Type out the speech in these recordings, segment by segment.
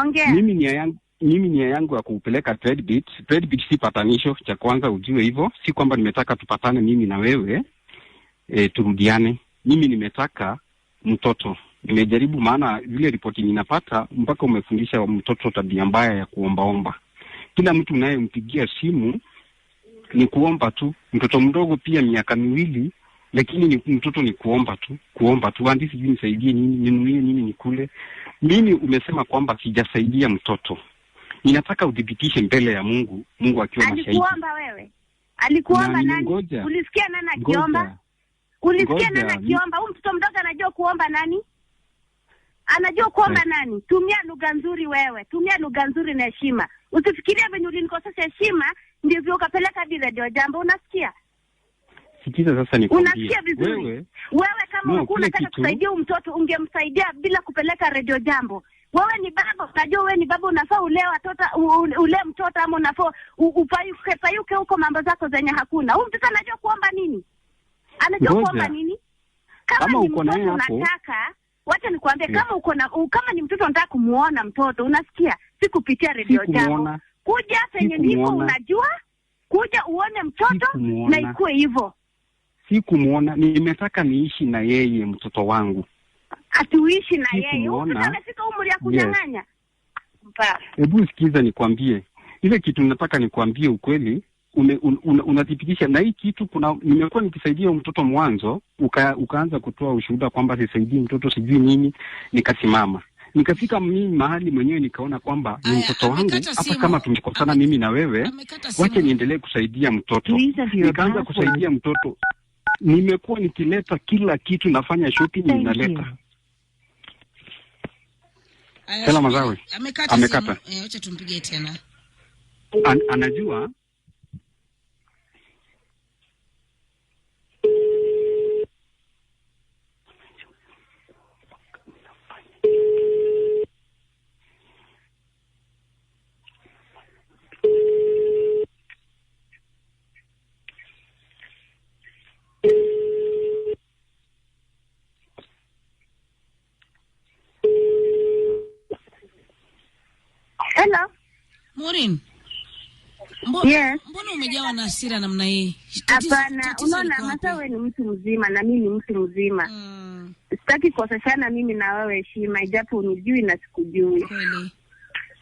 Ongea. Mimi nia yangu mimi nia yangu ya kuupeleka Tradebit. Tradebit si patanisho, cha kwanza ujue hivyo. Si kwamba nimetaka tupatane mimi na wewe e, turudiane. Mimi nimetaka mtoto, nimejaribu, maana vile ripoti ninapata mpaka umefundisha mtoto tabia mbaya ya kuombaomba. Kila mtu unayempigia simu ni kuomba tu, mtoto mdogo pia miaka miwili, lakini ni, mtoto ni kuomba tu, kuomba tu, andi sijui nisaidie nini, ninuie nini, nikule mimi umesema kwamba sijasaidia mtoto, ninataka udhibitishe mbele ya Mungu, Mungu akiwa mashahidi. Alikuomba wewe? Alikuomba nani? Ngoja. Ulisikia nani akiomba? Ulisikia nani akiomba? Huyu mtoto mdogo anajua kuomba nani? Anajua kuomba eh. nani? Tumia lugha nzuri wewe, tumia lugha nzuri na heshima. Usifikirie venye ulinikosesha heshima ndivyo ukapeleka vile, ndio jambo, unasikia Sikiza sasa, ni nikwambie, unasikia vizuri wewe, wewe kama no, kitu... kusaidia huyu mtoto ungemsaidia bila kupeleka redio jambo. Wewe ni baba, unajua wewe ni baba, unafaa ulee watoto ulee mtoto, ama unafaa upayuke payuke huko mambo zako zenye hakuna. Huyu mtoto anajua kuomba nini? Anajua kuomba nini? Kama, kama ni mtoto unataka, wacha nikwambie, yeah. Kama uko na kama ni mtoto unataka kumuona mtoto, unasikia, si kupitia redio jambo, kuja penye niko unajua, kuja uone mtoto na ikue hivyo si kumwona, nimetaka niishi na yeye mtoto wangu. Ati uishi na yeye? yeye? Amefika umri ya kunyang'anya? Hebu Sikiza nikwambie ile kitu, nataka nikwambie ukweli unathibitisha una, una na hii kitu. Kuna nimekuwa nikisaidia mtoto mwanzo, uka, ukaanza kutoa ushuhuda kwamba sisaidii mtoto sijui nini, nikasimama nikafika mimi mahali mwenyewe nikaona kwamba ni mtoto wangu hapa. Kama tumekosana mimi na wewe, wache niendelee kusaidia mtoto. Nikaanza kusaidia mtoto nimekuwa nikileta kila kitu, nafanya shopping ninaleta hela. Mazawe amekata, amekata. Eh, wacha tumpigie tena. An, anajua Hello. Maureen. yes. Mbona umejawa na hasira namna hii? Hapana, unaona hata wewe ni mtu mzima na mimi ni mtu mzima mm. Sitaki kukoseshana mimi na wewe heshima, ijapo unijui na sikujui. Kweli.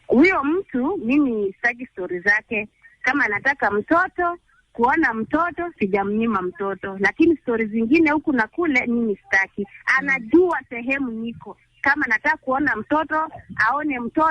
Huyo mtu mimi sitaki stori zake, kama anataka mtoto kuona mtoto sijamnyima mtoto, lakini stori zingine huku na kule mimi sitaki. Anajua sehemu niko, kama anataka kuona mtoto aone mtoto.